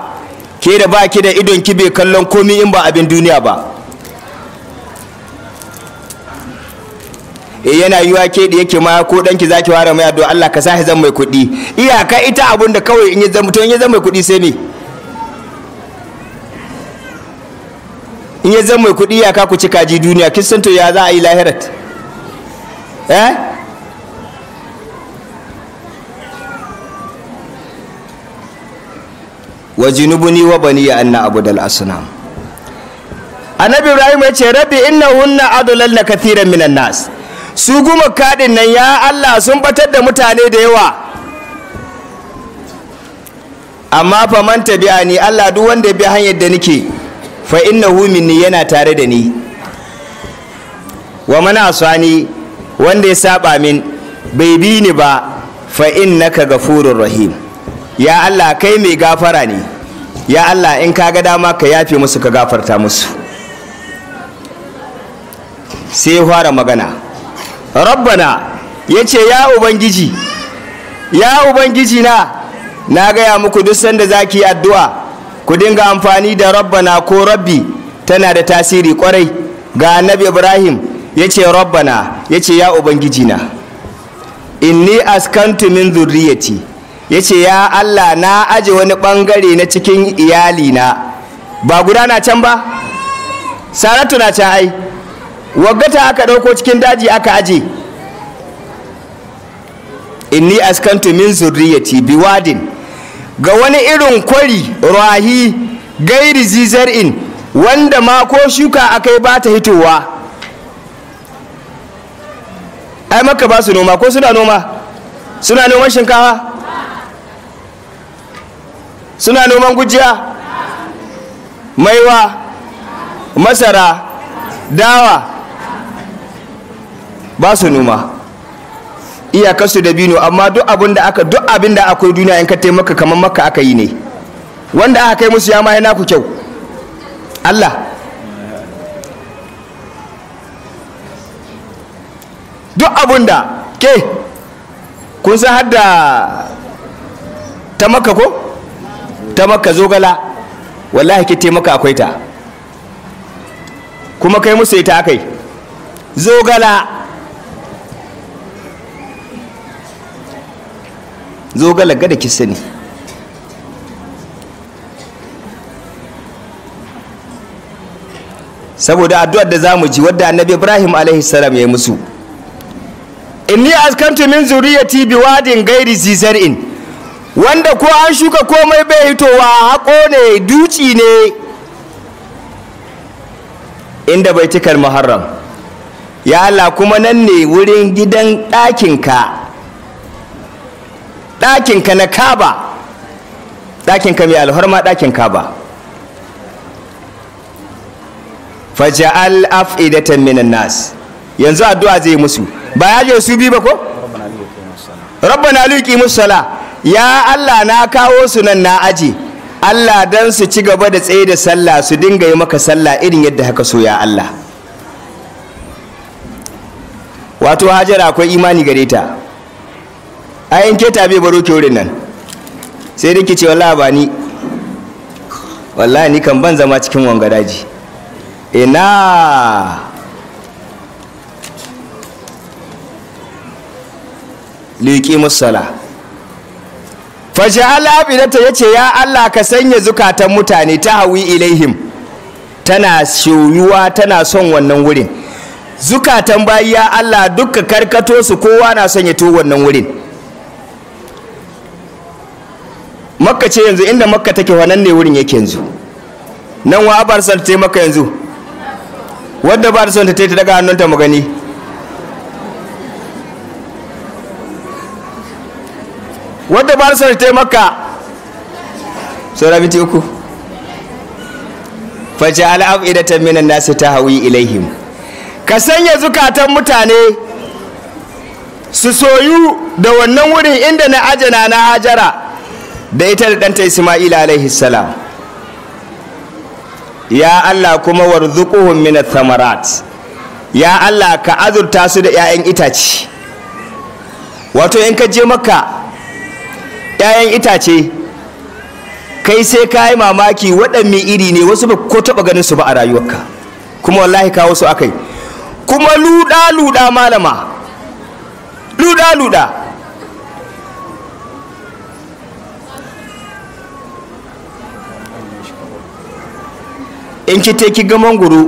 ke da ba ki da idon ki bai kallon komi in ba abin duniya ba Eh, yana yiwa ke da yake ma ko danki zaki ware mai addu'a Allah ka sahi zan mai kuɗi iyaka ita abun da kawai in ya zama to in ya zama mai kuɗi sai ne in ya zama mai kuɗi iyaka ku ci kaji duniya kin san to ya za a yi lahirat eh wa jinubuni wa ya anna abudal asnam annabi ibrahim ya ce rabbi innahunna adlalna kathiran minan nas su guma kaɗin nan ya Allah sun batar da mutane da yawa amma fa man tabi'a ni Allah duk wanda bi hanyar da nake fa innahu minni yana tare da ni wa mana asani wanda ya saba min bai bi ni ba fa innaka furin rahim ya Allah kai mai gafara ne ya Allah in ka ga dama ka yafe musu ka gafarta musu sai ya fara magana rabbana ya ce ya ubangiji ya ubangiji na na gaya muku duk sanda za ki addu'a ku dinga amfani da rabbana ko rabbi tana da tasiri kwarai ga annabi ibrahim ya ce rabbana ya ce ya ubangiji na inni askantu min zurriyati ya ce ya allah na aje wani bangare na cikin iyalina ba guda na can ba saratu na can ai waggata aka ɗauko cikin daji aka aje inni askantu min zurriyati biwadin ga wani irin kwari rahi gairi in wanda ma ko shuka akai ba ta hitowa ai maka ba su noma ko suna noma suna noman shinkawa suna noman gujiya maiwa masara dawa ba su noma iyakarsu da bino amma duk abin da aka duk abin da akwai duniya in ka taimaka kamar maka aka yi ne wanda aka kai musu ya ma yana ku kyau Allah duk abin da ke kun san har da ta maka ko ta maka zogala wallahi ke taimaka akwai ta kuma kai musu ita akai zogala zo galaga da kisa ne saboda addu'ar da zamu ji wadda annabi ibrahim alaihi salam ya yi musu inni askantu min zuriyati wadin gairi zizar'in wanda ko an shuka komai bai hitowa hako ne duci ne inda baitikal muharram ya Allah kuma nan ne wurin gidan ɗakinka ɗakinka na kaba ɗakinka mai alhorma ɗakin kaba faja'al af'idatan minan nas yanzu addu'a zai musu ba ya je su bi ba ko rabbana liqi musalla ya Allah na kawo su nan na aji Allah dan su ci gaba da tsaye da sallah su dinga yi maka sallah irin yadda haka so ya Allah wato hajara akwai imani gare ta A in keta bai baro ki wurin nan sai dai ce wallahi ba ni wallahi ni kan ban zama cikin wanga daji ina liƙi musala fashe abinata ya ce ya Allah ka sanya zukatan mutane ta hawi ilaihim tana shoyuwa tana son wannan wurin zukatan bayi ya Allah duka karkato su kowa na son ya to wannan wurin makka ce yanzu inda makka take wannan ne wurin yake yanzu nan wa ba son ta maka yanzu wadda ba son ta ta daga hannunta mu gani wadda ba son ta yi maka saura biti uku face al'ab idatan minan nasu ta hawi ilaihim ka sanya zukatan mutane su soyu da wannan wurin inda na ajana na hajara da ita da ɗanta isma'ila alaihi salam ya Allah kuma warzuquhum min thamarat ya Allah ka azurta su da 'ya'yan itace wato in ka je maka 'ya'yan itace kai sai ka yi mamaki waɗanne iri ne wasu ba ko taɓa ganin su ba a rayuwarka kuma wallahi kawo su akai kuma luɗa-luɗa malama luɗa-luɗa in ki te ki ga mangoro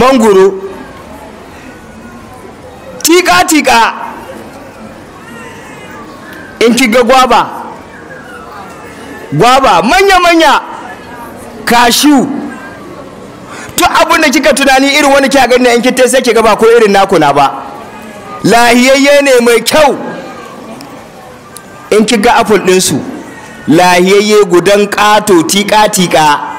mangoro tika tika in ki ga gwaba gwaba manya manya kashu to abin da kika tunani irin wani kya gani in ki te sai ki ba ko irin naku na ba lahiyayye ne mai kyau in ki ga apple su. lahiyayye gudan ƙato tika tika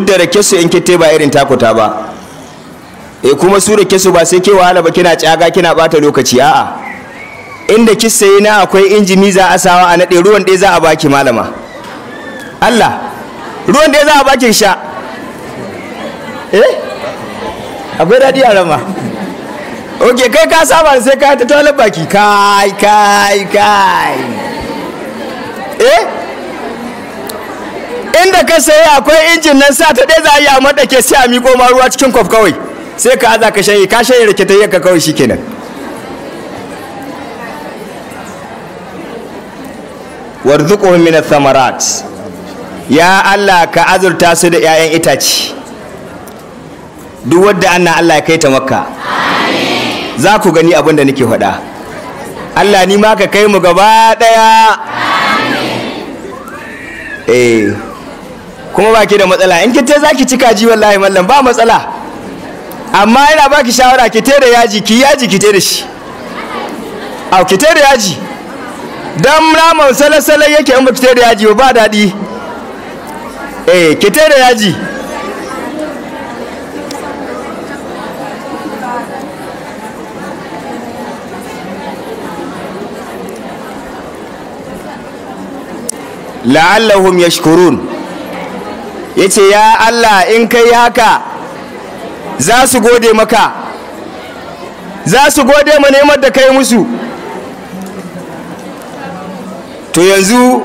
duk da rake su in kitte ba irin takuta ba e kuma su rake su ba sai ke wahala ba kina tsaga kina bata lokaci a'a inda kissa yi na akwai injini za a sawa a naɗe ruwan ɗaya za a baki malama Allah ruwan ɗaya za a baki sha eh akwai daɗi a rama ok kai ka saba sai ka ta tolar baki kai kai kai eh inda ka sayi akwai injin nan sa ta ɗaya za a yi a ke sai a miƙo ma ruwa cikin kwaf kawai sai ka aza ka shayi ka shayi rikita ka kawai shikenan warzuqhum min athamarat ya Allah ka azurta su da 'ya'yan itace duk wadda anna Allah ya kai ta makka za ku gani abin da nake faɗa Allah ni ma ka kai mu gaba ɗaya eh kuma ba ki da matsala in kite za ki ci kaji wallahi mallam ba matsala amma yana baki shawara ki da yaji ki yaji ki da shi au ki da yaji dan ramon salasalai yake in ba ki da yaji ba daɗi eh ki da yaji la'allahum yashkurun ya ce ya Allah in kai haka za su gode maka za su gode ma neman da kai musu to yanzu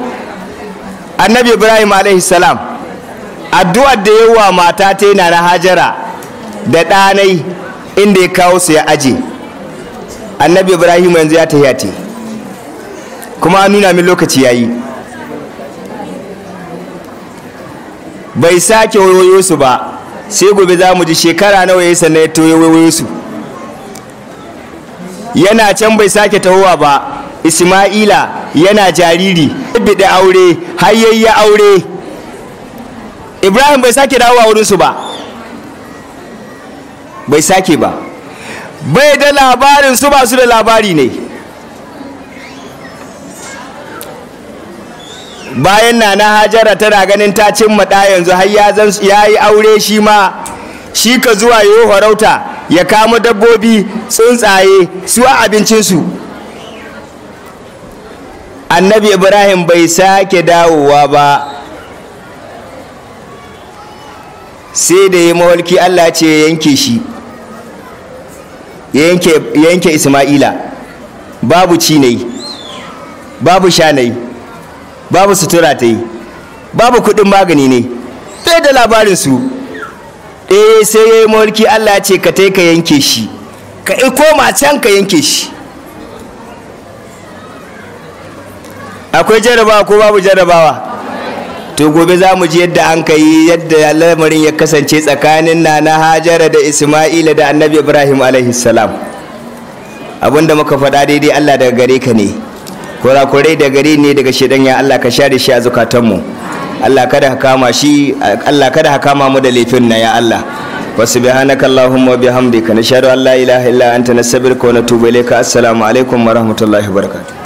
annabi ibrahim salam addu'ar da yawa mata ta yana na hajara da ɗanai inda ya kawo su ya aje annabi ibrahim yanzu ya ta kuma an nuna min lokaci ya yi bai sake wayoyo su ba sai gobe za mu ji shekara nawa ya sannan ya toyo wayoyo su yana can bai sake tahowa ba isma'ila yana jariri bida aure hayayya aure ibrahim bai sake dawowa wurinsu ba bai sake ba bai da labarin su ba su da labari ne bayan nana hajara tana ganin ta cimma ɗa yanzu har ya yi aure shi ma shi ka zuwa yoharauta farauta ya kama dabbobi tsuntsaye su a abincinsu annabi ibrahim bai sake dawowa ba sai da ya mawalki allah ce ya yanke shi yanke isma'ila babu cinai babu shanai babu sutura ta yi babu kuɗin magani ne Sai da labarin su eh sai yayi mulki Allah ya ce ka tai ka yanke shi ka i koma can ka yanke shi akwai jarabawa ko babu jarabawa to gobe za mu ji yadda an ka yi yadda lamarin ya kasance tsakanin nana hajara da isma'ila da annabi ibrahim alaihi salam abinda muka faɗa daidai allah daga gare ka ne kurakurai da gari ne daga shedan ya Allah ka share shi a zukatanmu Allah kada ka kama shi mu da laifin na ya Allah wa subhanaka allahumma wa bihamdika nashhadu an la ilaha illa anta nastaghfiruka wa natubu ilayka assalamu alaikum wa rahmatullahi wa barakatuh